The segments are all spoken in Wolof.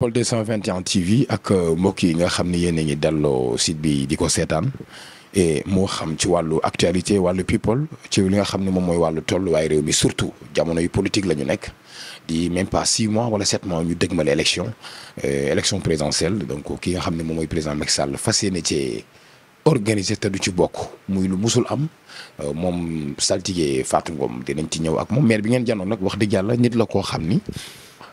People 221 TV ak euh, mbokk yi nga xam ni yéen a ngi delloo site bi di ko seetaan et moo xam ci wàllu actualité wàllu people ci li nga xam ne moom mooy wàllu tolluwaay réew mi surtout jamono yu politique la ñu nekk di même pas six mois wala sept mois ñu dëgmale élection euh, élection présidentielle donc ki nga xam ne moom mooy président Macky Sall fas yéene ci organisé du ci bokk muy lu musul am euh, moom saltige Fatou ngoom dinañ ci ñëw ak moom maire bi ngeen janoon nag wax di yàlla nit la koo xam ni.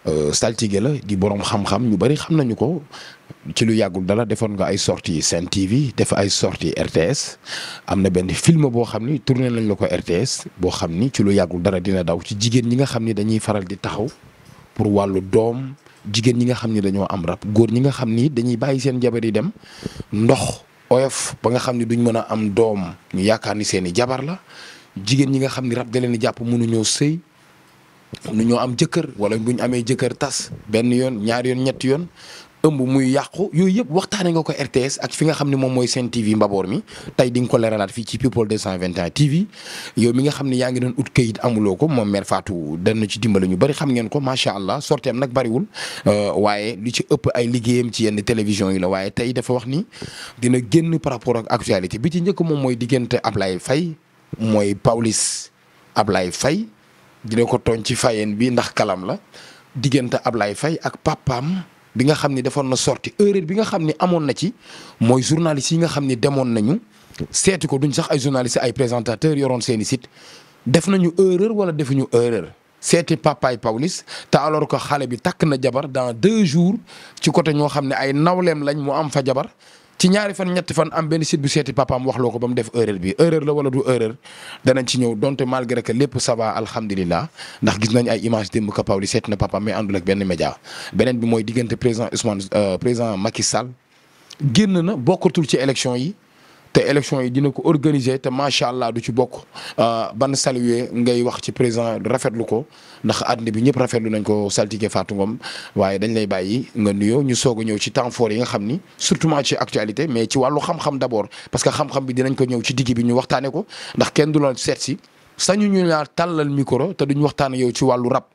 Euh, saltige la di borom xam-xam ñu bari xam nañu ko ci lu yàggul dara defoon nga ay sorties Sen TV def ay sorties RTS am na benn film boo xam ni tourné nañ la ko RTS boo xam ni ci lu yàggul dara dina daw ci jigéen ñi nga xam ni dañuy faral di taxaw pour wàllu doom jigéen ñi nga xam ni dañoo am rab góor ñi nga xam ni dañuy bàyyi seen jabar yi dem ndox oyof ba nga xam ni duñ mën a am doom ñu yaakaar ni seen i jabar la jigéen ñi nga xam ni rab da leen jàpp mënuñoo sëy am na ñoo am jëkkër wala bu ñu amee jëkkër tas benn yoon ñaar yoon ñetti yoon ëmb muy yàqu yooyu yëpp waxtaanee nga ko RTS ak fi nga xam ne moom mooy seen TV mbaboor mi tey di nga ko leeralaat fii ci People 221 TV yow mi nga xam ne yaa ngi doon ut kayit amuloo ko moom mère Fatou dana ci dimbale ñu bëri xam ngeen ko macha allah sorteem nag bëriwul euh, waaye lu ci ëpp ay liggéeyam ci yenn télévision yi la waaye tey dafa wax ni dina génn par rapport ak actualité bi ci njëkk moom mooy diggante Ablaye fay mooy Paulis Ablaye fay dina ko tooñ ci Fayeen bi ndax kalam la diggante Ablaye fay ak papaam bi nga xam ni defoon na sorti erreur bi nga xam ni amoon na ci mooy journaliste yi nga xam ni demoon nañu seeti ko duñ sax ay journaliste ay présentateurs yoroon seeni i def nañu erreur wala defuñu erreur seeti papaay Pawlish te alors que xale bi takk na jabar dans deux jours ci côté ñoo xam ne ay nawleem lañ mu am fa jabar ci ñaari fan ñetti fan am benn site bu seeti papaam wax loo ko def erreur bi erreur la wala du erreur danañ ci ñëw donte malgré que lépp ça va ndax gis nañ ay image démb kapaw li seeti na papaam mais àndul ak benn média beneen bi mooy diggante président Ousmane euh, président Macky Sall génn na bokkatul ci élection yi. te élection yi dina ko organiser te macha allah du ci bokk euh, ban saluer ngay wax ci président rafetlu ko ndax àddina bi ñëpp rafetlu nañ ko saltige faatu Ngom waaye dañ lay bàyyi nga nuyoo ñu soog a ñëw ci temps fort yi nga xam ni surtout ci actualité mais ci wàllu xam-xam d'abord parce que xam-xam bi dinañ ko ñëw ci digg bi ñu waxtaane ko ndax kenn du la seet si sañu ñu ñaar tàllal micro te duñ waxtaan yow ci wàllu rap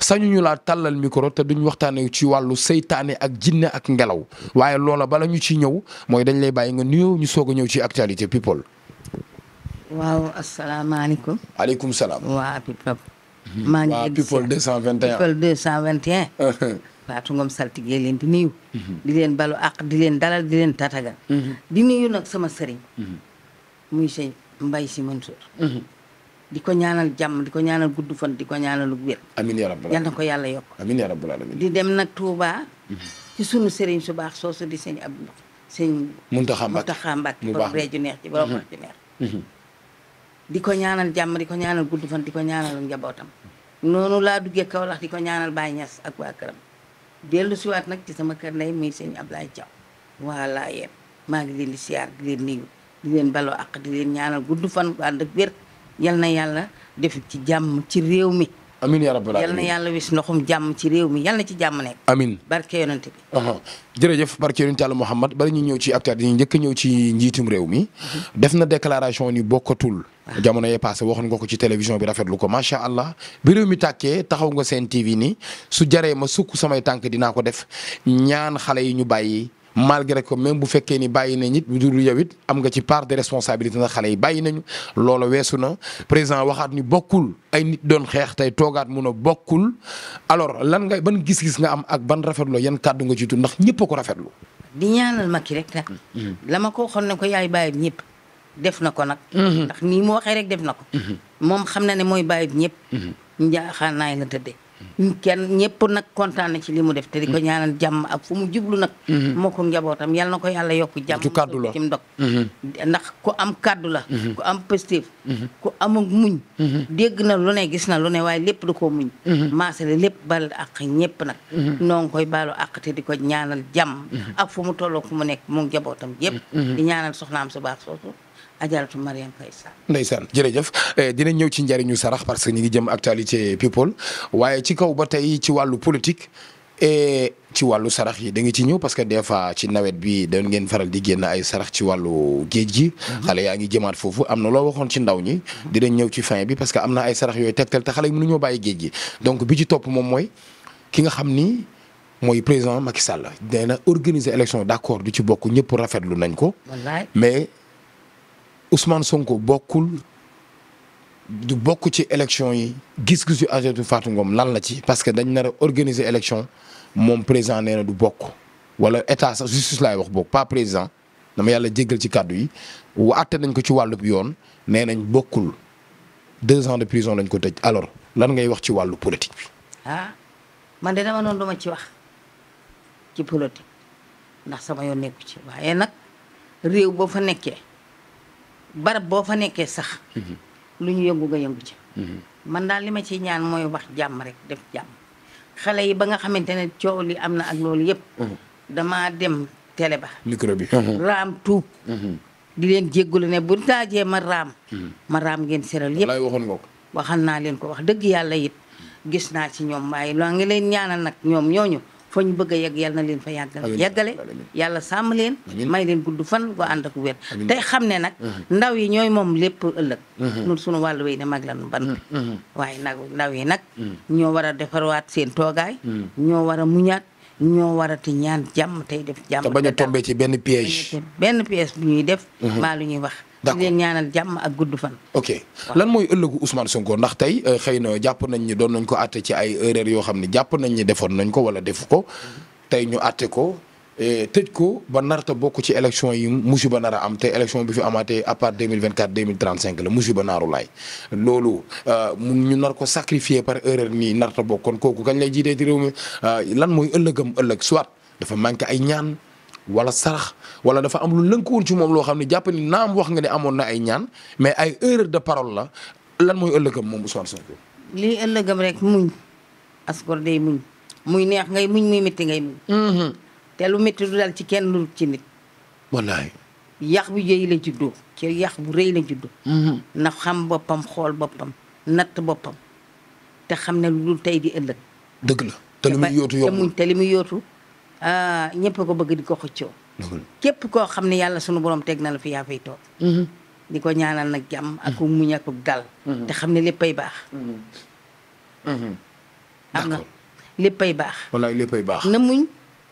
sañuñu laa tàllal micro te duñ waxtaanee ci wàllu seytaane ak jinne ak ngelaw waaye loola bala ñu ci ñëw mooy dañ lay bàyyi nga nuyoo ñu soog a ñëw ci actualité people. waaw asalaamaaleykum. aleykum salaam. waa people. Mhm. maa ngi egg people 221 people 221. Fatou Ngom saltige leen di nuyu. Mhm. di leen balu àq di leen dalal di leen tatagal. Mhm. nag sama sëriñ. muy sëñ Mbaye Sy Mansour. di ko ñaanal jàmm di ko ñaanal gudd fan di ko ñaanal wér. amiin yaa ko yàlla yokk. amiin yaa di dem nag Touba. Mhm. ci sunu sëriñ su baax soosu di sëñ Abdou. sëñ Muntaxa Mbàkke Muntaxa Mbàkke mu baax ju neex ci borom mhm. mhm. di ko ñaanal jàmm ko ñaanal gudd fan di njabootam. noonu laa duggee Kaolack di ko ñaanal Baye Niass ak waa këram. dellu siwaat nag ci sama kër ndey muy sëñ Ablaye Thiaw waa laa yéen maa ngi leen di siyaar di leen nuyu di leen baloo ak di leen ñaanal gudd fan ànd ak wér yal na yàlla def ci jàmm ci réew mi. amin yaa rabbal aalamiin yal na yàlla wis ndoxum jàmm ci réew mi yal na ci jàmm nekk. amin barke yonent bi. jërëjëf barke yonent Yàlla Muhammad bari ñu ñëw ci acteur ñu njëkk ñëw ci njiitum réew mi. def na déclaration ni bokkatul. jamono yee passé waxoon nga ko ci télévision bi rafetlu ko macha allah bi réew mi tàkkee taxaw nga seen TV nii su jaree ma sukk samay tànk dinaa ko def ñaan xale yi ñu bàyyi. malgré que même bu fekkee ni bàyyi na nit bu dul it am nga ci part de responsabilité na xale yi bàyyi nañu loola weesu na président waxaat ni bokkul ay nit doon xeex tey toogaat mun a bokkul alors lan nga ban gis-gis nga am ak ban rafet lu yan kàddu nga ci tudd ndax ñëpp a ko rafetlu. di ñaanal Macky rek nag. la ko waxoon ne ko yaay bàyyi ñëpp def na ko nag. Mhm. ndax nii mu waxee rek def na ko. Mhm. moom xam na ne mooy bàyyi ñëpp. Mhm. njaaxaan naay la tëddee. kenn ñëpp nag kontaan ci li mu def te di ko mm-hmm. ñaanal jàmm ak fu mu jublu nag mm-hmm. moo ko njabootam yal na ko yàlla yokk jàmm ci ndog mm-hmm. ndax ku am kàddu la ku am positif ku am ak muñ dégg na lu ne gis na lu ne waaye lépp da ko muñ maasale lépp bal ak ñëpp nag noo ngi koy baalu ak te di ko ñaanal jàmm ak fu mu tolloo fu mu nekk mu njabootam yëpp di ñaanal soxnaam su baax soosu ajaratu Mariam Faye Sall. ndeysaan eh, ñëw ci njariñu sarax parce que ñu ngi jëm actualité people waaye ci kaw ba tey ci wàllu politique. et eh, ci wàllu sarax yi da nga ci ñëw parce que des fois ci nawet bi da ngeen faral di génn ay sarax ci wàllu géej gi. Mhm. xale yaa ngi jëmaat foofu am na loo waxoon ci ndaw ñi. dinañ ñëw ci fin bi parce que am na ay sarax yooyu tegtal te xale yi mënuñoo bàyyi géej gi donc bi ci topp moom mooy ki nga xam ni mooy président Macky Sall nee na organiser élection d'accord du ci bokk ñëpp rafetlu nañ ko. Ousmane Sonko bokkul du bokk ci élection yi gis-gisu Ajaratu Fatou Ngom lan la ci. parce que dañ nar a organiser élection moom président nee du bokk wala état sax justice laay wax bokk pas président dama yàlla jéggal ci kàddu yi waate nañ ko ci wàllub yoon nee nañ bokkul deux ans de prison lañ ko tëj alors lan ngay wax ci wàllu politique bi. ah man de dama noonu duma ci wax ci politique ndax sama yoon nekku ci waaye nag réew boo fa nekkee. barab boo fa nekkee sax mhm. lu ñu yëngu nga yëngu ci mhm. man daal li ma ciy ñaan mooy wax jàmm rek def jàmm xale yi ba nga xamante ne coow li am na ak loolu yëpp mhm. damaa dem télé ba micro bi raam tuub di leen jéggalu ne bu taajee ma raam ma raam ngeen seral yëpp wallaay ko waxal naa leen ko wax dëgg yàlla it gis naa ci ñoom waaye loo ngi leen ñaanal nag ñoom ñooñu foo ñu bëgg a yegg yal na leen fa yàggale yeggale yàlla sàmm leen may leen gudd fan go ànd ak wér tey xam ne nag ndaw yi ñooy moom lépp ëllëg nun suñu wàll wey ne mag lan ban waaye nag ndaw yi nag ñoo war a defarwaat seen toogaay ñoo war a muñaat ñoo war a warati ñaan jàmm tey def jàmm te bañ a tombé ci benn piège benn piège bu ñuy def maa lu ñuy wax d'accord leen ñaanal jàmm ak gudd fan. ok lan mooy ëllëgu usman Sonko ndax tey euh, xëy na jàpp nañ ni doon nañ ko àtte ci ay erreur yoo xam ne jàpp nañ ni defoon nañ ko wala defu ko tey ñu àtte ko e tëj ko ba narta bokk ci élection yi musiba nar a am te élection bi fi amaatee à part 2024 2035 la musiba naaru laay loolu euh, mu ñu nar ko sacrifier par erreur nii narta bokkoon kooku kañ lay jiitee ci réew mi euh, lan mooy ëllëgam ëllëg soit dafa manqué ay ñaan. wala sarax wala dafa am lu lënkuwoon ci moom loo xam ne jàpp ni naam wax nga ne amoon na ay ñaan mais ay erreur de parole la lan mooy ëllëgam moom bu Ousmane Sonko. lii ëllëgam rek muñ asgor day muñ muy neex ngay muñ muy métti ngay muñ. Mm-hmm. te lu métti du dal ci kenn lu ci nit. wallaay. yàq bu jëy la juddoo ci yàq bu rëy la juddoo. Mm-hmm. na xam boppam xool boppam natt boppam te xam ne lu dul tey di ëllëg. dëgg la te li muy yootu yomb te li muy yootu. Ah, ñëpp ko bëgg di ko xëccoo. képp koo xam ne yàlla sunu borom teg na la fi yaa fay toog. Mm-hmm. di ko ñaanal nag jàmm mm-hmm. ak muñ ak gal mm-hmm. te xam ne léppay baax. am na léppay baax. wallaay léppay baax. na muñ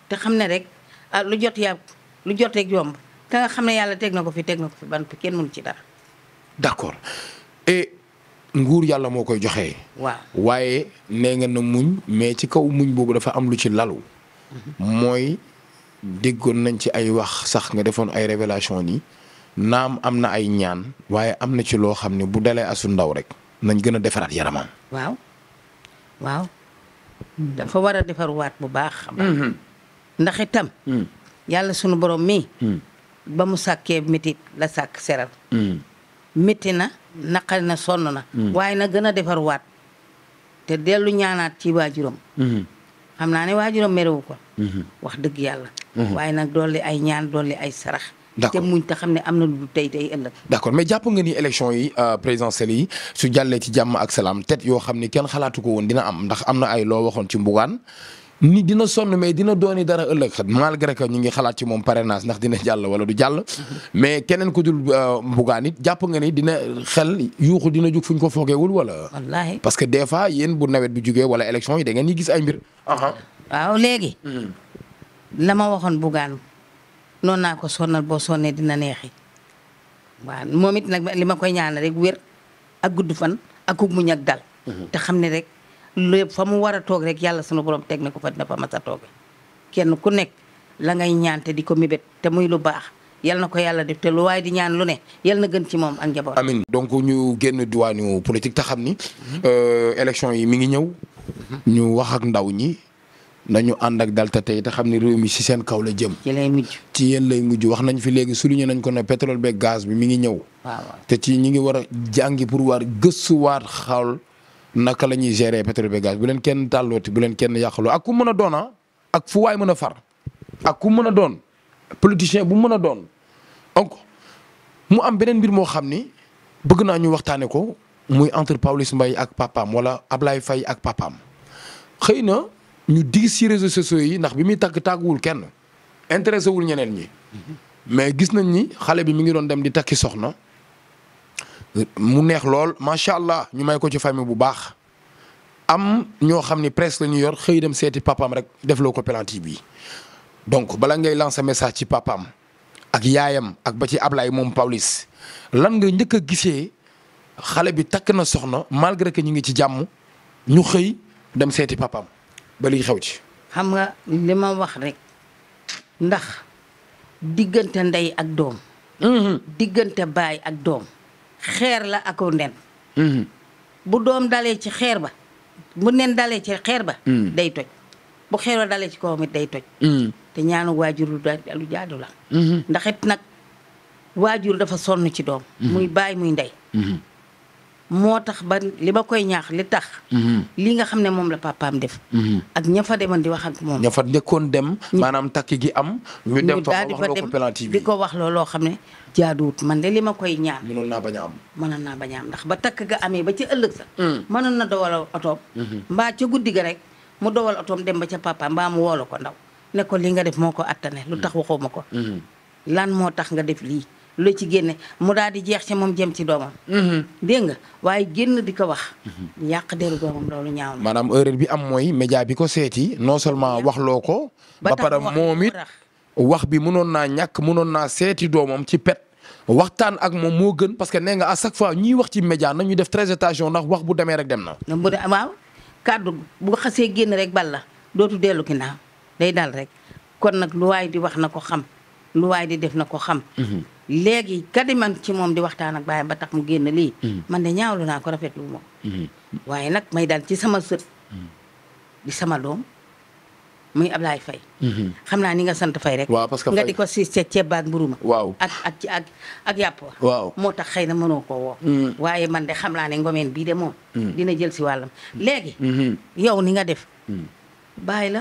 te xam ne rek ah lu jot yaa lu jot rek yomb te nga xam ne yàlla teg na ko fi teg na ko fi ban kenn mënu ci dara. d'accord et nguur yàlla moo koy joxe. waaw waaye nee nga na muñ mais ci kaw muñ boobu dafa am lu ci lalu. mooy déggoon nañ ci ay wax sax nga defoon ay révélation nii naam am na ay ñaan waaye am na ci loo xam ne bu dalee asu ndaw rek nañ gën a defaraat yaramam. waaw waaw dafa war a defarwaat bu baax. Mhm. ndax itam. Mhm. yàlla sunu borom mii. Mhm. ba mu sàkkee métit la sàkk seral. métti na naqari na sonn na. waaye na gën a defarwaat te dellu ñaanaat ci waajuram. xam naa ne waajuram merewu ko mhm. wax dëgg yàlla mhm. waaye nag dolli ay ñaan dolli ay sarax te muñ ta xam ne am na lu tey tey ëllëg d'accord mais jàpp nga ni élection yi euh, présidentielles yi su jàllee ci jàmm ak salaam tet yoo xam ni kenn xalaatu ko woon dina am ndax am na ay loo waxoon ci mbugaan ni dina son mais dina dooni dara ëllëg malgré que ñu ngi xalaat ci moom parrainage ndax dina jàll wala du jàll mais keneen ku dul mbugaan euh, it jàpp nga ni dina xel yuuxu dina jug fuñ ko foogeewul wala wallaahi parce que des fois yéen bu nawet bi jugee wala élection yi da ngeen ñi gis ay mbir waaw léegi hmm. la ma waxoon bugaan naa ko sonnal boo sonnee dina neexi waaw moom it nag li ma koy ñaanal rek wér ak gudd fan ak ku muñ ak dal hmm. te xam ne rek lépp fa mu war a toog rek yàlla sunu borom teg na ko fa dina fa mas toog kenn ku nekk la ngay ñaante di ko mébét te muy lu baax yal na ko yàlla def te lu waaye di ñaan lu ne yal na gën ci moom ak njaboot. amiin donc ñu génn diwaanu politique te xam ni. Mhm. Euh, élection yi mi ngi ñëw. Mhm. ñu wax ak ndaw ñi. nañu ànd ak dal te tey te xam ni réew mi si seen kaw la jëm. ci lay mujj ci yéen lay mujj wax nañ fi léegi souligné nañ ko ne pétrole be gaz bi mi ngi ñëw. te ci ñi ngi war a jàngi pour war naka la ñuy gérer pétrole bi bu leen kenn tàllooti bu leen kenn yàqaloo ak ku mën a doon ah, ak fu waay mën a far ak ku mën a doon politicien bu mën a doon donc mu am beneen mbir moo xam ni bëgg naa ñu waxtaanee ko muy entre Pawlish Mbaye ak papaam wala Ablaye fay ak papaam xëy na ñu digg ci réseaux sociaux yi ndax bi muy tàgg tàgguwul kenn intéressé wul ñeneen ñi mais gis nañ ni xale bi mu ngi doon dem di takki soxna. mu neex lool macha allah ñu may ko ci famille bu baax am ñoo xam ni presque la ñu yor xëy dem seeti papaam rek defloo ko penalty bi donc bala ngay lancer message ci papaam ak yaayam ak ba ci Ablaye moom Pawlish lan nga njëkk a gisee xale bi takk na soxna malgré que ñu ngi ci jàmm ñu xëy dem seeti papaam bali li xew ci. xam nga li ma wax rek ndax diggante ndey ak doom. Mhm. diggante baay ak doom. xeer la ak nen mm-hmm. bu doom dalee ci xeer ba bu nen dalee ci xeer ba mm-hmm. day toj bu xeer ba dalee ci kaw mi day toj mm-hmm. te ñaanu waajur lu jaadu la ndax it nag waajur dafa sonn ci doom muy baay muy ndey moo tax ba li ma koy ñaax li tax. Mhm. lii nga xam ne moom la papaam def. Mhm. ak ña fa demoon di wax ak moom. ña fa njëkkoon dem. maanaam takk gi am. ñu dem fa wax loo bi ko wax looloo xam ne jaaduwut man de li ma koy ñaan. mënoon naa bañ a am. naa bañ ndax ba takk amee ba ci ëllëg sa. Mm. na dowal otoom. Mhm. mbaa ca guddi ga rek mu dowal otoom dem ba ca papaam mbaa mu woolu ko ndaw ne ko li nga def moo ko attane lu tax mm. waxoo ma ko. Mm-hmm. lan moo tax nga def lii. lu ci génne mu daal di jeex ci moom jëm ci doomam. Mhm. dégg nga waaye génn di ko wax. Mhm. yàq deru doomam loolu ñaaw na. maanaam bi am mooy média bi ko seeti non seulement wax loo ko. ba pare moom it wax bi mënoon naa ñàkk mënoon naa seeti doomam ci pet. waxtaan ak moom moo gën parce que nee nga à chaque fois ñuy wax ci média na ñu def très attention ndax wax bu demee rek dem na. bu dee waaw kàddu bu xasee génn rek bal la dootu dellu ginnaaw day dal rek kon nag lu waay di wax na ko xam lu waay def na ko xam. Mhm. léegi man ci moom di waxtaan ak baayam ba tax mu génn lii. Mm-hmm. man de ñaawlu naa ko rafetlu ma mm-hmm. waaye nag may dal ci sama sot mm-hmm. di sama doom mu muy Ablaye Faye. xam naa ni nga sant Faye rek. waaw parce que nga di ko si ceeb baag mburu ma. waaw ak ak ci ak ak yàpp. waaw moo tax xëy na mënoo koo woo. waaye man de xam naa ne ngomeen bii de moom. dina jël si wàllam. léegi. yow ni nga def. bàyyi la.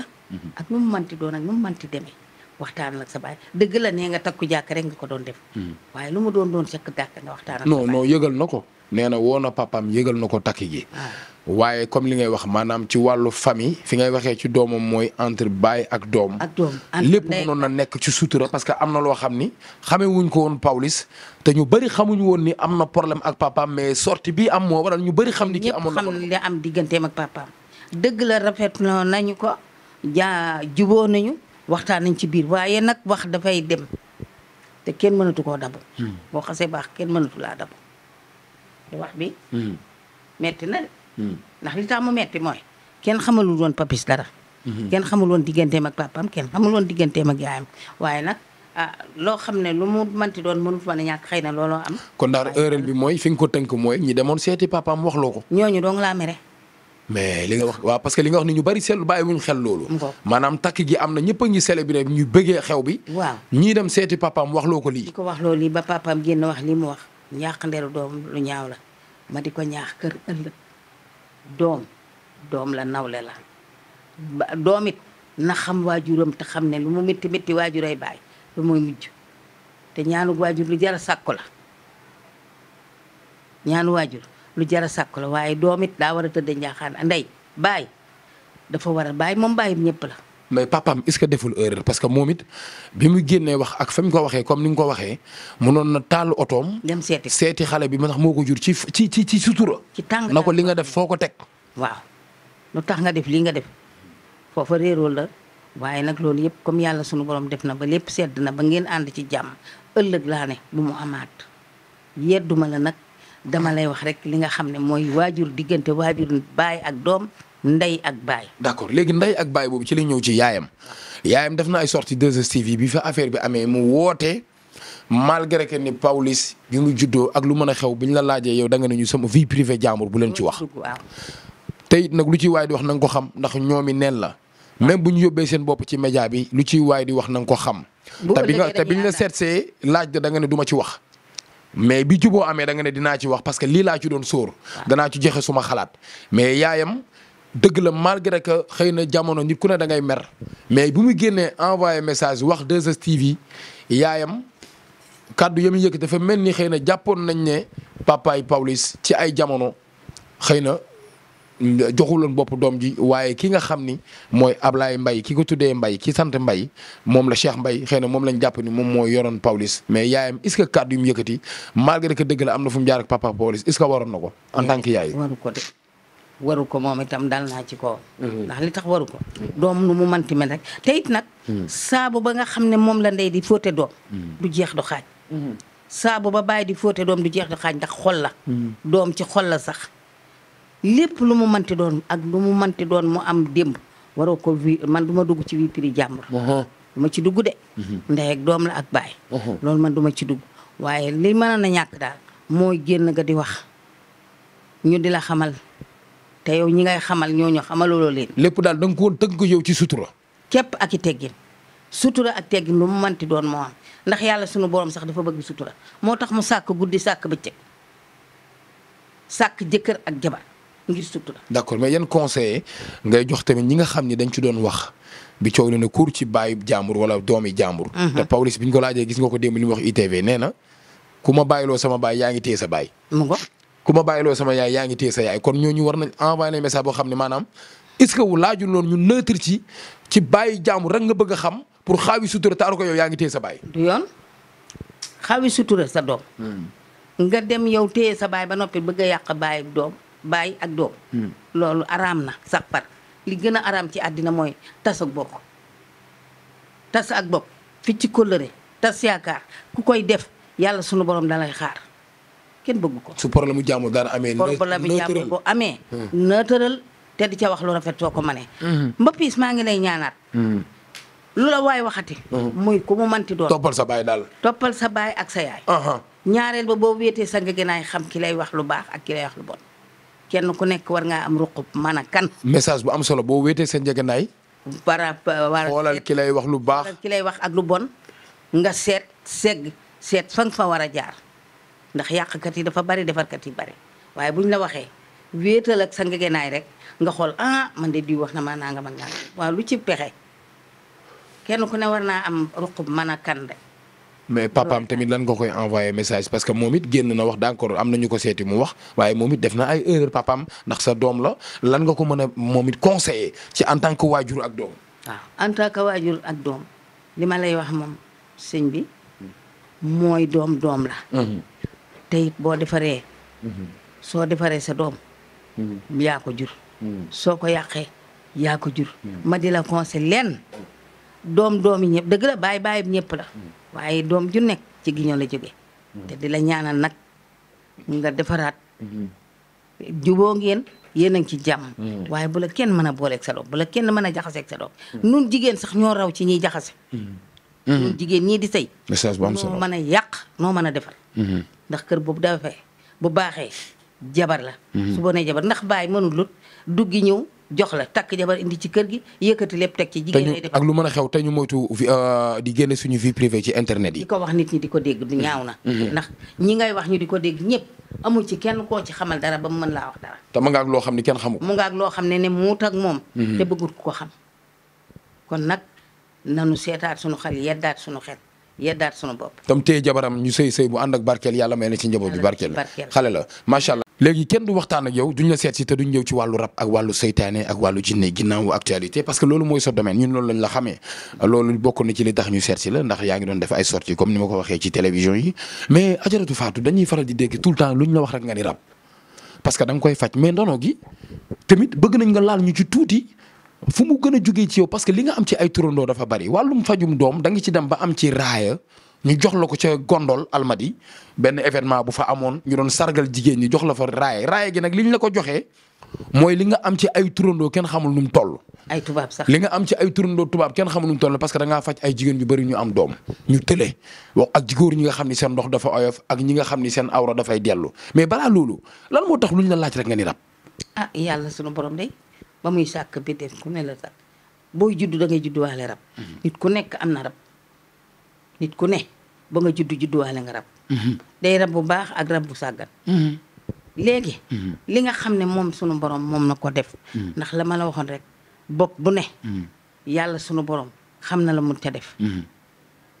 ak nu mu manti doon ak nu mu manti demee. waxtaan ak sa baay dëgg la nee nga takku jàkk nga ko doon def. Hmm. waaye lu mu doon doon sekk dàkk nga waxtaan ak sa baay. yëgal na ko nee na woo yëgal na ko takk gi. Ah. waaye comme li ngay wax maanaam ci wàllu famille fi ngay waxee ci doomam mooy entre baay ak doom. ak doom lépp mënoon na nekk ci sutura parce que am na loo xam ni xamee ko woon Pawlish te ñu bëri xamuñ woon ni am na problème ak papaam mais sortie bi am moo waral ñu bëri xam ni. ki li am digganteem ak papaam dëgg la rafet nañu ko waxtaan nañ ci biir waaye nag wax dafay dem te kenn mënatu koo dabu. Hmm. boo xasee baax kenn mënatu laa dabu. te wax bi. Hmm. metti na de. Hmm. ndax li tax mu metti mooy kenn xamalul woon papis dara. kenn xamuloon woon digganteem ak papaam kenn xamul woon digganteem ak yaayam waaye nag ah loo xam ne lu mu manti doon mënut mën a ñàkk xëy na looloo am. kon daal erreur bi mooy fi nga ko tënk mooy ñi demoon seeti papaam waxloo ko. ñooñu dong laa mere. mais li nga wax waaw parce que li nga wax ni ñu bari seetlu bàyyi wuñ xel loolu maanaam takk gi am na ñëpp a ngi célébré ñu bëggee xew bi waaw ñii dem seeti papaam wax loo ko lii di ko wax loolu lii ba papaam génn wax li mu wax ñàq nderu doom lu ñaaw la ma di ko ñaax kër ëllëg doom doom la nawle la doomit it na xam waajuram te xam ne lu mu métti métti waajuray bàyyi lu muy mujj te ñaanu waajur lu jara sàkku la ñaanu waajur lu jar a sàkk la waaye doom it daa war a tëddee njaaxaan ah, ndey baay dafa war a baay moom baayam ñëpp la. mais papaam parce que moom it bi mu génnee wax ak ko waxee comme ni nga ko waxee munoon na taal otoom. dem seeti seeti xale bi ma tax moo ko jur ci ci ci ci sutura. ci tàng na ko li nga def foo ko teg. waaw lu tax nga def lii nga def foofa réeroo la waaye nag loolu yëpp comme yàlla sunu borom def na ba lépp sedd na ba ngeen ànd ci jàmm ëllëg laa ne bu mu amaat yedduma la nag. dama lay wax rek li nga xam ne mooy waajur diggante waajur baay ak doom ndey ak baay. d'accord léegi ndey ak baay boobu ci la ñëw ci yaayam yaayam def na ay sorties 2STV bi fa affaire bi amee mu woote malgré que ni Pawlish bi mu juddoo ak lu mën a xew bi ñu la laajee yow da nga ne ñu sama vie privée jaambur bu leen ci wax. tey it nag lu ci waay di wax na ko xam ndax ñoomi neen la même bu ñu yóbbee seen bopp ci média bi lu ci waay di wax na nga ko xam. te bi nga te bi ñu la seetsee laaj da nga ne du ci wax. mais bi juboo amee da ne dinaa ci wax parce que lii laa ci doon sóor danaa ci joxe suma xalaat mais yaayam dëgg la malgré que xëy na jamono nit ku ne da ngay mer mais bu muy génnee envoyé message wax 2STV yaayam kàddu ya muy yëkk dafa mel ni xëy na jàppoon nañ ne papaay Pawlish ci ay jamono xëy na joxuloon bopp doom ji waaye ki nga xam ni mooy Ablaye mbay ki ko tuddee mbay ki sant mbay moom la Cheikh mbay xëy na moom lañ jàpp ni moom mooy yoroon Pawlish mais yaayam est-ce que kàddu yu mu yëkkati malgré dëgg la am na fu mu jaar ak papa Pawlish est waroon na ko en tant que yaay. waru ko de ko moom itam dal naa ci ko mhm. ndax li tax waru ko. doom nu mu manti mel rek te it nag. Mhm. saabu ba nga xam ne moom la ndey di fóote doom. Mhm. du jeex du xaaj. saabu ba bàyyi di fóote doom du jeex du xaaj ndax xol la. doom ci xol la sax. lépp lu mu manti doon ak lu mu manti doon mu am démb waroo ko man duma dugg ci vie privée jàmbur uh-huh. du ma ci dugg de uh-huh. ndey doom la ak baay uh-huh. loolu man duma ci dugg waaye li mën na ñàkk daal mooy génn nga di wax ñu di la xamal te yow ñi ngay xamal ñooñu xamaloo leen lépp daal da nga ko woon ko yow ci sutura képp ak i teggin sutura ak teggin lu mu manti doon moo am ndax yàlla sunu borom sax dafa bëgg sutura moo tax mu sàkk guddi sàkk ba bëccëg sàkk jëkkër ak jabar ngir sutura. d' accord mais yan conseil ngay jox tamit ñi nga xam ni dañ ci doon wax bi coow na ne kuur ci bàyyi jàmbur wala doomi jàmbur. Mhm. te Pawlish bi ñu ko laajee gis nga ko démb wax ITV nee ku ma bàyyiloo sama baay yaa ngi sa baay. mu ngoog ku ma bàyyiloo sama yaay yaa ngi téye sa yaay kon ñooñu war nañ envoyé nañ boo xam ne maanaam est ce que wu laajul loolu ñu neutre ci ci bàyyi jàmbur rek nga bëgg a xam pour xaawi sutura taaru ko yow yaa ngi téye sa baay. du yoon xaawi sutura sa doom. Hmm. nga dem yow téye sa baay ba noppi bëgg a yàq baay doom baay ak doom. Hmm. loolu araam na sax par li gën a araam ci àddina mooy tas ak bokk tas ak bokk fi ci kóllëre tas yaakaar ku koy def yàlla sunu borom dalay xaar kenn bëgg ko. su problème mu jàmm daan amee. problème mu jàmm ko amee. Hmm. nëtëral te di ca wax lu rafet soo ko mënee. Hmm. mbëppiis maa ngi lay ñaanaat. lu la waay waxati. muy ku mu manti doon. toppal sa baay daal. toppal sa baay ak sa yaay. ñaareel ba boo wéetee sa nga xam ki lay wax lu baax ak ki lay wax lu bon. kenn ku nekk war ngaa am ruqub man kan. message bu am solo boo wéetee sa njëgënaay. para war euh, xoolal ki lay wax lu baax xoolal lay wax ak lu bon. nga seet segg seet fa fa war a jaar ndax yàqkat yi dafa bari defarkat yi bari waaye buñ la waxee wéetal ak sa njëgënaay rek nga xool ah man de di wax na ma nangam ak nangam waaw lu ci pexe kenn ku ne war naa am ruqub man a kan rek. mais papaam tamit lan nga koy envoyé message parce que moom it génn na wax d'accord am na ñu ko seeti mu wax waaye moom it def na ay erreur papaam ndax sa doom la lan nga ko mën a moom it conseillé ci en tant que waajur ak doom. waaw ah, en tant que waajur ak doom li ma lay wax moom sëñ bi hmm. mooy doom doom la. Hmm. te it boo defaree. Hmm. soo defaree sa doom. yaa ko jur. soo ko yàqee yaa ko jur. ma di la conseil lenn doom doom yi ñëpp dëgg la baay baay ñëpp la. waaye doom ju nekk ci giño la jóge mm. te di la ñaana nag nga defaraat mm-hmm. juboo ngeen yéen a ngi ci jàmm mm. waaye bu la kenn mën a booleeg sa doom bu la kenn mën a jaxaseeg sa doom mm. nun jigéen sax ñoo raw ci ñiy jaxase mm-hmm. nun mm-hmm. jigéen ñii di sëy message bu am noo mën a yàq noo mën a defar ndax kër boobu dafay bu baaxee jabar la su bonee jabar ndax baay mënul lut duggi ñëw jox la takk jabar indi ci kër gi yëkkati lépp teg ci jigéen ñi ak lu mën a xew te ñu moytu euh, di génne suñu vie privée ci internet yi ko wax nit ñi di ko dégg mm-hmm. ñaaw na mm-hmm. ndax ñi ngay wax ñu di ko dégg ñëpp amul ci kenn koo ci xamal dara ba mu man laa wax dara te mu nga loo xam ne kenn xamu mu nga loo xam ne ne muut tag moom mm-hmm. te bëggul ko xam kon nag na nanu seetaat suñu xel yeddaat suñu xel yeddaat suñu bopp tam téye jabaram ñu sëy sëy bu ànd ak barkeel yàlla may na ci njaboot bi barkeel xale la macha léegi kenn du waxtaan ak yow duñ la seet si te duñ ñëw ci wàllu rab ak wàllu seytaane ak wàllu jinne ginnaawu actualité parce que loolu mooy sa domaine ñun loolu lañ la xamee loolu bokk na ci li tax ñu seet si la ndax yaa ngi doon def ay sorties comme ci télévision yi que da nga koy faj mais ndono gi bëgg nañ nga laal ñu ci tuuti fu mu gën a jugee ci yow parce que li nga am ci ay turandoo dafa bari wàllum fajum doom da nga ci dem ba am ci raaya ñu jox la ko ca gondol almadi benn événement bu fa amoon ñu doon sargal jigéen ñi jox la fa raaye raaye gi nag liñ la ko joxe mooy li nga am ci ay turandoo kenn xamul nu mu toll. ay tubaab sax li nga am ci ay turandoo tubaab kenn xamul nu mu parce que da faj ay jigéen ñu bëri ñu am doom ñu tële wax ak jigóor ñi nga xam ni seen ndox dafa oyof ak ñi nga xam ni seen awra dafay dellu mais balaa loolu lan moo tax lu ñu la laaj rek nga ni rab. ah yàlla sunu borom de ba muy sàkk bi de ku ne la sax booy juddu da ngay judduwaale rab. Mm-hmm. nit ku nekk am na nit ku ne ba nga juddu judduwaale nga rab. Mhm. day rab bu baax ak rab bu sàggan. Mhm. léegi. Mhm. li nga xam ne moom sunu borom moom na ko def. ndax la ma la waxoon rek bokk bu ne. yàlla sunu borom xam na la mun te def.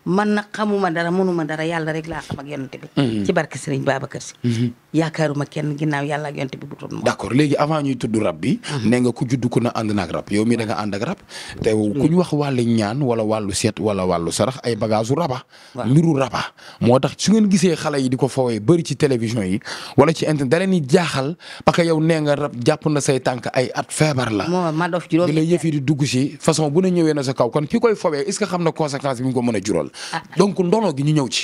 man nag xamuma dara mënuma dara yàlla rek laa xam ak yonent bi. Mhm. ci barke Serigne Babacar Sy. Mhm. yaakaaruma kenn ginnaaw yàlla ak yonent bi bu tudd moom. d' accord léegi avant ñuy tudd rab bi. Mhm. nee nga ku judd ku na ànd naag rab yow mii da nga ànd ak rab. te ñu wax wàllu ñaan wala wàllu seet wala wàllu sarax ay bagage u raba. mbiru raba moo tax su ngeen gisee xale yi di ko foowee bëri ci télévision yi wala ci internet da leen jaaxal parce que nga rab jàpp na say tànk ay at feebar la. moo ma dof juróomi di la yëf di dugg si façon bu ne ñëwee na sa kaw kon ki koy foowee est ce que xam na conséquence bi ko mën a jural donc ndono gi ñu ñëw ci.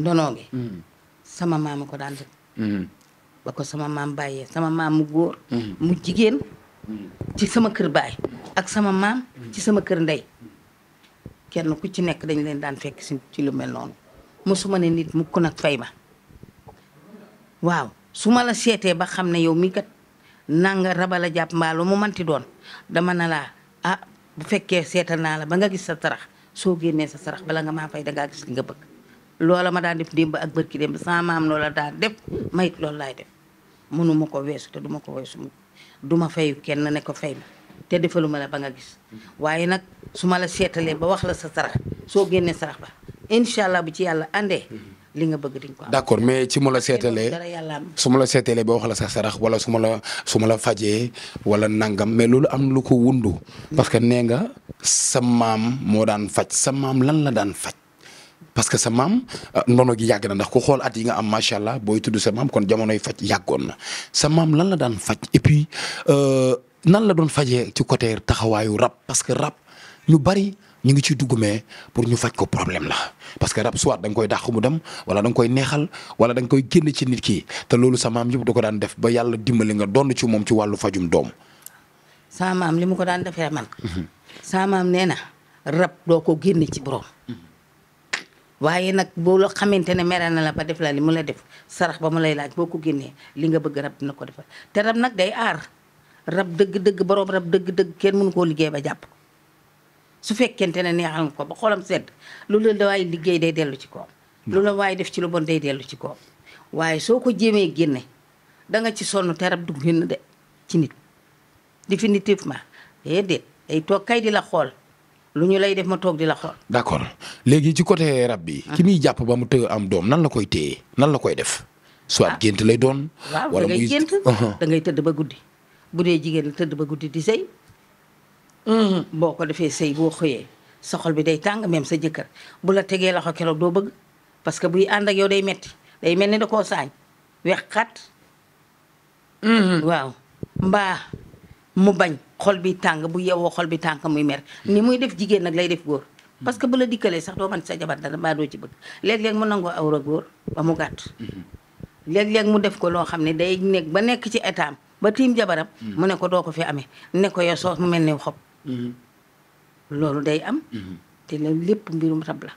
ndono gi. Hmm. sama maam ko daan def. Hmm. ba ko sama maam bàyyee sama maam mu góor. Hmm. mu jigéen. ci sama kër baay. ak sama maam ci sama kër ndey. kenn ku ci nekk dañ leen daan fekk si ci lu mel noonu mosuma ne nit mukk nag fay ma waaw su ma la seetee ba xam ne yow mii kat nanga rabal a jàpp mbaalu mu manti doon dama na laa ah, bu fekkee seetal naa la ba nga gis sa tarax soo génnee sa sarax bala nga maa fay dangaa gis li nga bëgg loola ma daan def démb ak bërki démb sama maam loola daan def mayit loolu laay def mënuma ko weesu te duma ko weesu mu duma fayu kenn ne ko fay ma te defaluma la ba nga gis waaye nag su ma la seetalee ba wax la sa sarax soo génnee sarax ba incha allah bu ci yàlla àndee li nga bëgg di ko d'accord mais ci ma la seetalee su ma la seetalee ba wax la sa sarax wala su la su ma la fajee wala nangam mais loolu am lu ko wundu. parce que nee nga sa maam moo daan faj sa maam lan la daan faj. parce que sa maam euh, ndono gi yàgg na ndax ku xool at yi nga am macha allah booy tudd sa maam kon jamonoy faj yàggoon na sa maam lan la daan faj et puis euh, nan la doon fajee ci côté taxawaayu rab parce que rab ñu bari ñu ngi ci dugg mais pour ñu faj ko problème la parce que rab soit da koy dàq mu dem wala da koy neexal wala da koy génn ci nit ki te loolu sa maam yëpp da ko daan def ba yàlla dimbali nga doon ci moom ci wàllu fajum doom. sa maam li mu ko daan defee man. Mhm. sa maam nee na rab doo ko génn ci borom. waaye nag boo la xamante ne mere na la ba def la li mu la def sarax ba mu la laaj boo ko génnee li nga bëgg rab dina ko defal te rab nag day aar rab dëgg-dëgg borom rab dëgg-dëgg kenn mënu ko liggéey ba jàpp. su fekkente ne neexal nga ko ba xoolam sedd lu la waaye liggéey day dellu ci koom lu la waaye def ci lu bon day dellu ci koom waaye soo ko jéemee génne da nga ci sonn terab du génn de ci nit définitivement déedéet day toog kay di la xool lu ñu lay def ma toog di la xool d'accord léegi ci côté rab bi ah. ki muy jàpp ba mu të am doom nan la koy téye nan la koy def soit ah. gént lay doon waaw da ngay gént da ngay tëdd ba guddi bu dee jigéen la tëdd ba guddi di sëy Mm-hmm. boo ko defee sëy boo xëyee sa xol bi day tàng même sa jëkkër bu la tegee loxo keroog doo bëgg parce que buy ànd ak yow day metti day mel ni da koo saañ wex xat mm-hmm. waaw mbaa mu bañ xol bi tàng bu yewoo xol bi tàng muy mer ni muy def jigéen nag lay def góor parce que bu la dikkalee sax doo man sa jabar dara mbaa doo ci bëgg léeg-léeg mu nangoo awra góor ba mu gàtt mm-hmm. léeg-léeg mu def ko loo xam ne day nekk ba nekk ci état ba tiim jabaram mm. mu ne ko doo ko fi amee ne ko soo mu mel ni Mm-hmm. loolu day am. Mm-hmm. te nag lépp mbirum rab la.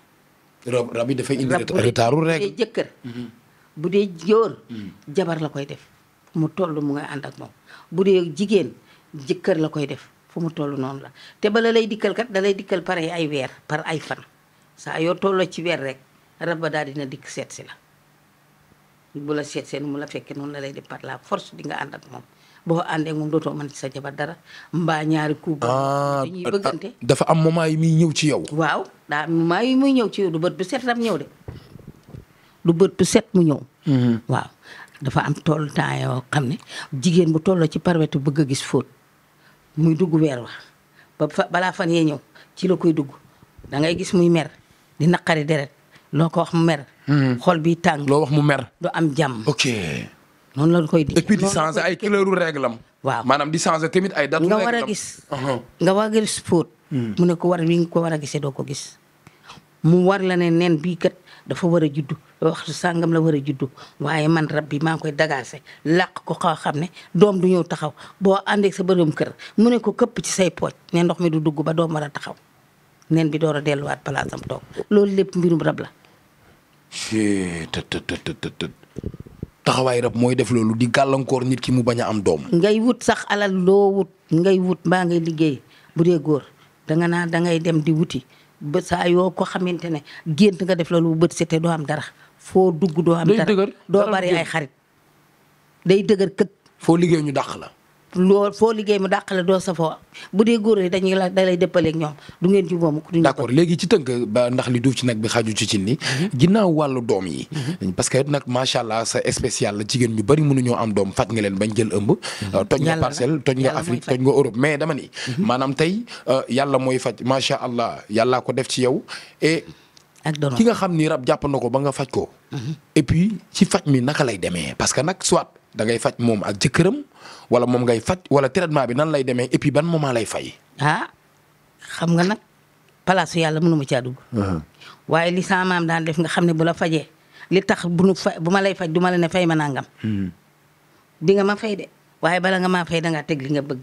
rab rab yi dafay indi retardul rek bu dee jëkkër. Mm-hmm. bu dee jóor. jabar la koy def mu toll mu nga ànd ak moom bu dee jigéen jëkkër la koy def fu mu toll noonu la te bala lay dikkal kat da lay dikkal pare ay weer par ay fan saa yoo tolloo ci weer rek rab ba daal dina dikk seet si la. bu la seet seen mu la fekkee noonu la lay di par la force di nga ànd ak moom boo àndee moom dootoo mën ci sa jabar dara mbaa ñaari couple ah, dañuy dafa am moment yi muy ñëw ci yow waaw daa am yi muy ñëw ci yow du bët bu set ram ñëw de du bët bu set mu ñëw mm-hmm. dafa am toll temps yoo xam ne jigéen bu tolloo ci parwetu bëgg a gis fóot muy dugg weer wa ba balaa fan yee ñëw ci la koy dugg da ngay gis muy mer di naqari deret loo ko wax mu mer Hmm. xol bi tàng. loo wax mu mer. du am jàmm. ok noonu lañ koy. et puis di changer ay couleuru réglam. waaw maanaam di changer tamit ay datu. Uh-huh. nga war a gis. nga war a foot mu ne ko war wi nga ko war a gisee doo ko gis. mu war la ne nen bii kat dafa war a juddu waxtu sàngam la war a juddu waaye man rab bi maa ngi koy dagaase làq ko xaw xam ne doom du ñëw taxaw boo àndee sa bërëm kër mu ne ko këpp ci say pooj ne ndox mi du dugg ba doom war a taxaw nen bi door a delluwaat palaasam toog loolu lépp mbirum rab la. taxawaay rab mooy def loolu di gàllankoor nit ki mu bañ a am doom. ngay wut sax alal loo wut ngay wut mbaa ngay liggéey bu dee góor danga naa dangay dem di wuti ba saa yoo ko xamante ne gént nga def loolu bu bët sete doo am dara foo dugg doo am dara doo bari ay xarit day dëgër kët. foo liggéey ñu dàq la. lool foo liggéey mu dàqale doo safoo bu dee góor yi dañuy la da lay dëppaleeg ñoom du ngeen jubóo mu. d' léegi ci tënk ba ndax li duuf ci nag bi xaju ci cin ni mhm. ginnaaw wàllu doom yi. Mhm. parce que nag macha allah sa spécial la jigéen ñu bari mënuñoo am doom faj nga leen bañ jël ëmb. Mhm. Euh, toj nga parcelle toj nga Afrique toj mais dama ni. maanaam tey euh, yàlla mooy faj macha allah yàllaa ko def ci yow et. ak doom ki nga xam ni rab jàpp na ko ba nga faj ko. et puis mi naka lay demee parce que nag soit da ngay faj moom ak jëkkëram wala moom ngay faj wala traitement bi nan lay demee et puis ban moment lay fay. ah xam nga nag place yàlla mënuma ma caa dugg. Uh-huh. waaye li sama daan def nga xam ne bu la fajee li tax bu nu bu ma lay faj du ma la ne fay ma nangam. Hmm. di nga ma fay de waaye bala nga maa fay da teg li nga bëgg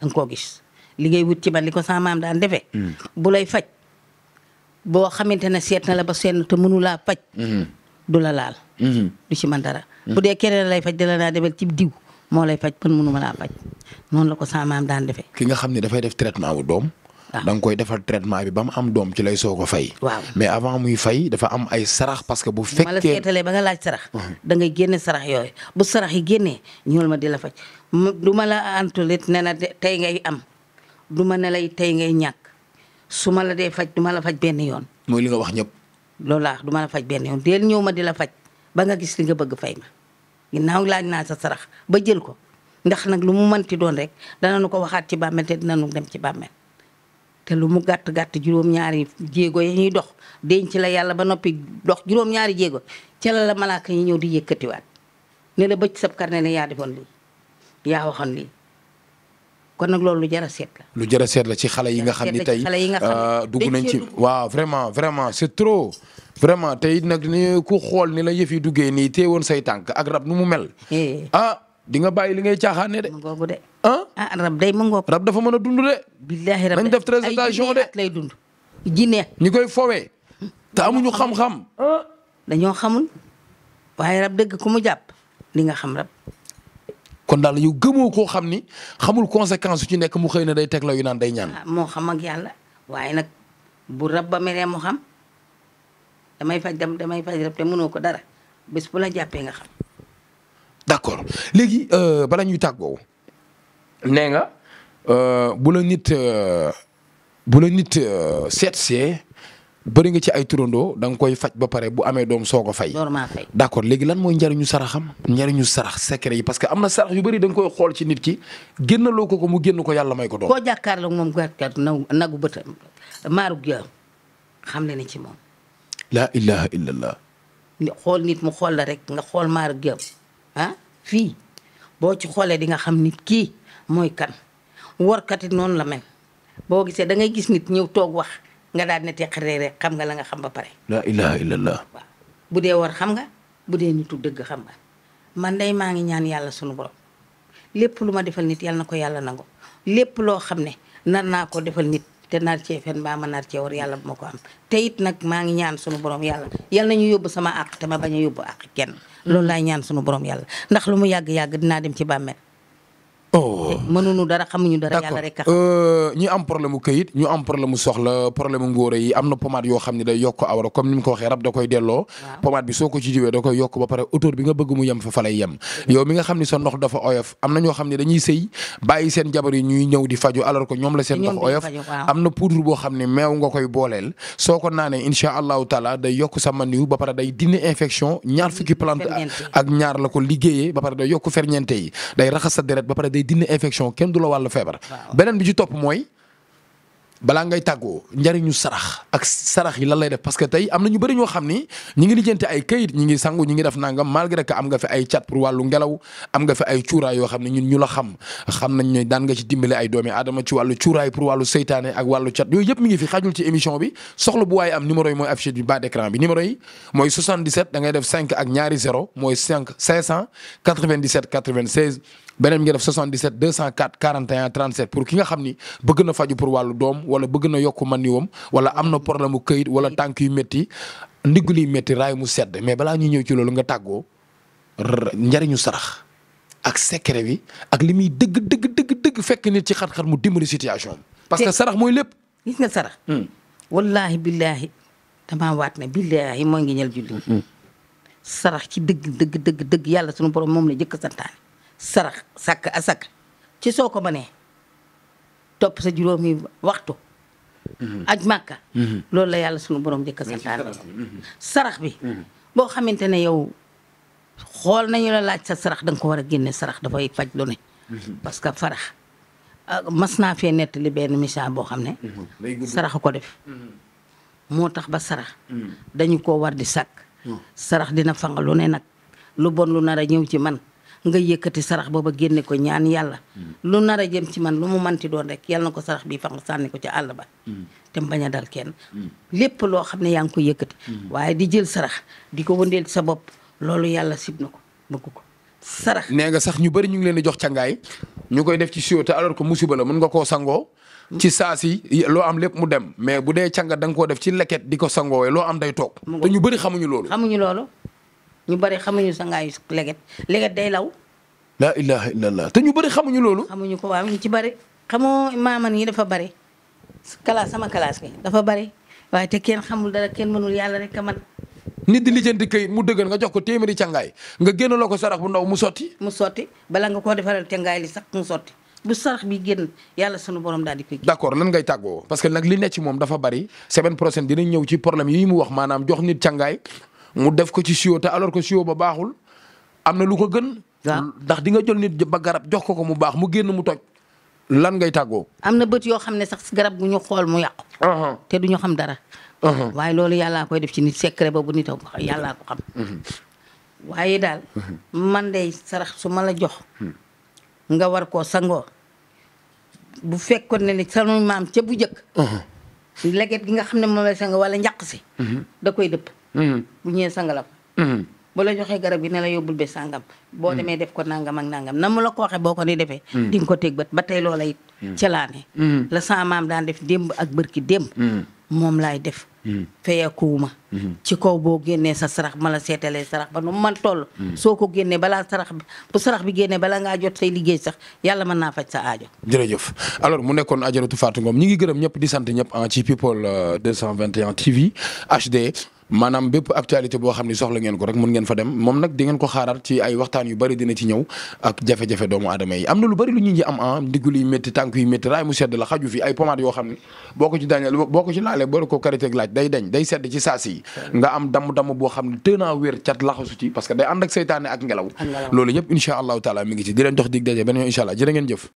danga koo gis liggéey bu wut ci man li ko sama daan defee. Hmm. bu lay faj boo xamante ne seet na la ba seet na te mënu faj. Hmm. du la laal. du ci man dara. bu dee keneen lay faj dala naa demee cib diw. moo lay faj pën mënu ma laa faj noonu la ko sama daan defee. ki nga xam ne dafay def traitement wu doom. waaw da nga koy defal traitement bi ba mu am doom ci lay soo ko fay. waaw mais avant muy fay dafa am ay sarax parce que bu. fekkee ma la seetalee ba nga laaj sarax. ngay génne sarax yooyu bu sarax yi génnee ñuul ma di la faj du ma la antulit ne na tey ngay am du ma ne lay tey ngay ñàkk su ma la dee faj du ma la faj benn yoon. mooy li nga wax ñëpp. loolu laa du ma la faj benn yoon deel ñëw ma di la faj ba nga gis li nga bëgg fay ma. ginnaaw laaj naa sa sarax ba jël ko ndax nag lu mu mënti doon rek nu ko waxaat ci bàmmeel te dinañu dem ci bàmmeel te lu mu gàtt gàtt juróom-ñaari jéego ya ñuy dox denc la yàlla ba noppi dox juróom-ñaari jéego ca la la malaaka yi ñëw di yëkkatiwaat ne la bëcc sab karne ne yaa defoon lii yaa waxoon lii kon nag loolu lu jar a seet lu jar a seet la ci xale yi nga xam ni tey dugg nañ ci waaw vraiment vraiment c'est trop. vraiment tey nag ni ku xool ni la yëf yi duggee nii teewoon say tànk ak rab nu mu mel. Eh. ah di nga bàyyi li ngay caaxaane de. ngoogu de ah. ah rab day ma ngoog. rab dafa mën a dund de. billaahi rab nañ def présentation de ay lay dund. jinne ñi koy fowee. te amuñu xam-xam. dañoo xamul waaye rab dëgg ku mu jàpp li nga xam rab. kon daal yow gëmoo koo xam ni xamul conséquence su ci nekk mu xëy na day teg la yu naan day ñaan. Ah, moo xam ak yàlla waaye nag bu rab ba meree mu xam damay faj dem damay faj rab te mënoo ko dara bés bu la jàppee nga xam. d'accord léegi euh, bala ñuy tàggoo nee nga bu euh, nit bu la nit euh, seet see bari nga ci ay turandoo da nga koy faj ba pare bu amee doom soo ko fay. d' accord léegi lan mooy njariñu saraxam njariñu sarax secret yi parce que am na sarax yu bëri da nga koy xool ci nit ki génnaloo ko ko mu génn ko yàlla may ko doom. koo jàkkaarloog moom gàtt nagu bët maaru gi xam ne ci moom. laa ilaha illallah. xool nit mu xool la rek nga xool maaru gi ah fii boo ci xoolee di nga xam nit kii mooy kan warkat it noonu la mel boo gisee da ngay gis nit ñëw toog wax. nga daal ne teq rek xam nga la nga xam ba pare. la ilaha illallah. waaw bu dee war xam nga bu dee nitu dëgg xam nga man dey maa ngi ñaan yàlla sunu borom lépp lu ma defal nit yal na ko yàlla nangu lépp loo xam ne nar naa ko defal nit te nar cee fen ma nar cee war yàlla bu ko am te it nag maa ngi ñaan sunu borom yàlla na ñu yóbbu sama àq te ma bañ yóbbu àq kenn. loolu laay ñaan sunu borom yàlla ndax lu mu yàgg yàgg dinaa dem ci bàmmeel oh mënuñu dara xamuñu dara yàlla rek euh, ñi am problème mu këyit ñu am problème mu soxla problème mu ngóore yi am na pomade yoo xam ne day yokk awra comme ni mu ko waxee rab da koy delloo pomade bi soo ko ci diwee da koy yokk ba pare autour bi nga bëgg mu ne sa ndox dafa oyof am na ñoo xam ne dañuy sëy seen jabar yi ñuy ñëw di faju alors que ñoom la seen ndox na poudre boo xam ne meew nga koy booleel soo ko naanee incha allahu taala day yokk sa maniw ba pare day dindi infection ñaar fukki plante ak ñaar la ko liggéeye ba pare day yokk ferñente yi day raxas sa deret ba pare day dindi infection kenn du la wàll feebar. beneen bi ci topp mooy balaa ngay tàggoo njariñu sarax ak sarax yi lan lay def parce que am na ñu bëri ñoo xam ni ñi ngi lijjanti ay kayit ñi ngi sangu ñi ngi def nangam malgré que am nga fi ay cat pour wàllu ngelaw am nga fi ay cuuraay yoo xam ne ñun ñu la xam xam nañ ne daan nga ci dimbale ay doomi aadama ci wàllu cuuraay pour wàllu seytaane ak wàllu cat yooyu yëpp mi ngi fi xajul ci émission bi soxla bu waaye am numéro yi mooy affiché bi mooy 77 da ngay def 5 beneen bi nga def 77 204 41 37 pour ki nga xam ni bëgg na faju pour wàllu doom wala bëgg na yokk man niwam wala am na problème mu këyit wala tànk yu métti ndigg liy métti raay mu sedd mais balaa ñuy ñëw ci loolu nga tàggoo njariñu sarax ak secret bi ak li muy dëgg dëgg dëgg fekk nit ci xat-xat mu dimbali situation parce que sarax mooy lépp. gis nga sarax. Hmm. wallaahi billaahi damaa waat ne billaahi moo ngi ñel julli. Hmm, hmm. sarax ci dëgg dëgg dëgg dëgg yàlla sunu borom moom la jëkk santaane sarax sàkk asaka ci soo ko mënee topp sa juróomi waxtu mhm. aj màkka mhm. loolu la yàlla sunu boroom jëkk santaane sarax bi mhm. boo xamante ne yow xool nañu la laaj sa sarax danga ko war a génne sarax dafay faj lu ne parce que farax ah, mas naa fee nett li benn misaal boo xam ne sarax ko def moo tax ba sarax dañu ko war di sàkk sarax dina fanga lu ne nag lu bon lu nar a ñëw ci man nga yëkkati sarax booba génne ko ñaan yàlla mm. lu nar a jëm ci man lu mu manti doon rek yàlla na ko sarax bi fang sànni ko ci àll ba mm. te bañ a dal kenn mm. lépp loo xam ne yaa ngi ko yëkkati waaye di jël sarax di ko wëndeel sa bopp loolu yàlla sib na ko ko sarax nee nga sax ñu bëri ñu ngi leen di jox cangaay ñu koy def ci sio te alors que musiba la mën nga koo sangoo ci saa si loo am lépp mu dem mais bu dee canga da nga koo def ci leket di ko sangoowee loo am day toog xamuñu loolu xamuñu loolu ñu bari xamuñu sangaayu leget leget day law. laa ilaha illallah te ñu bari xamuñu loolu. xamuñu ko waaw ñu ci bari xamoo maaman yi dafa bari classe sama classe bi dafa bari waaye te kenn xamul dara kenn mënul yàlla rek a man nit di lijjanti kayit mu dëgër nga jox ko téeméeri cangaay nga génn loo ko sarax bu ndaw mu sotti. mu sotti bala nga koo defaral cangaay li sax mu sotti. bu sarax bi génn yàlla sunu borom daal di koy. d'accord lan ngay tàggoo moom dafa bari semaine prochaine dinañ ñëw ci problème yi mu wax maanaam jox nit cangaay. mu def ko ci sio te alors que siwo ba baaxul am na lu ko gën. ndax di nga jël nit ba garab jox ko ko mu baax mu génn mu toj. lan ngay tàggoo. am na bët yoo xam ne sax garab gu ñu xool mu yàqu. Uh-huh. te du ñu xam dara. Uh-huh. waaye loolu yàlla koy def ci nit secret ba bu nit a yàllaa ko xam. Uh-huh. waaye daal man de su ma la jox. nga war koo sangoo. bu fekkoon ne ne sanu maam ca bu njëkk. leget gi nga xam ne moom la sang wala njaq si. da koy dëpp. Mhm. bu ñëwee sangalam mhm. bu la joxee garab yi ne la yóbbul be sàngam boo mhm. demee def ko nangam ak nangam na mu la ko waxee boo ko ni defee di nga ko teg bët ba tey loola it ca la sama maam daan def démb ak bërki démb moom laay def feyakuwuma ci kaw boo génnee sa sarax ma la seetalee sarax ba nu man toll soo ko génnee balaa sarax bi bu sarax bi génnee balaa ngaa jot say liggéey sax yàlla man naa faj sa aajo jërëjëf alors mu nekkoon ajaratu Fatou Ngom ñi ngi gërëm ñëpp di sant ñëpp ah, ci People 221 TV HD maanaam bépp actualité boo xam ne soxla ngeen ko rek mun ngeen fa dem moom nag di ngeen ko xaaraat ci ay waxtaan yu bari dina ci ñëw ak jafe-jafe doomu aadama yi am na lu bari lu ñu ji am ah ndigul yi métti tànk yu métti raay mu sedd la xaju fi ay pommade yoo xam ne boo ko ci daaneel boo ko ci laalee boo ko karité ak laaj day dañ day sedd ci saas yi nga am damm-damm boo xam ne tënaa wér cat laxasu ci parce que day ànd ak seytaane ak ngelaw loolu yëpp incha allahu taala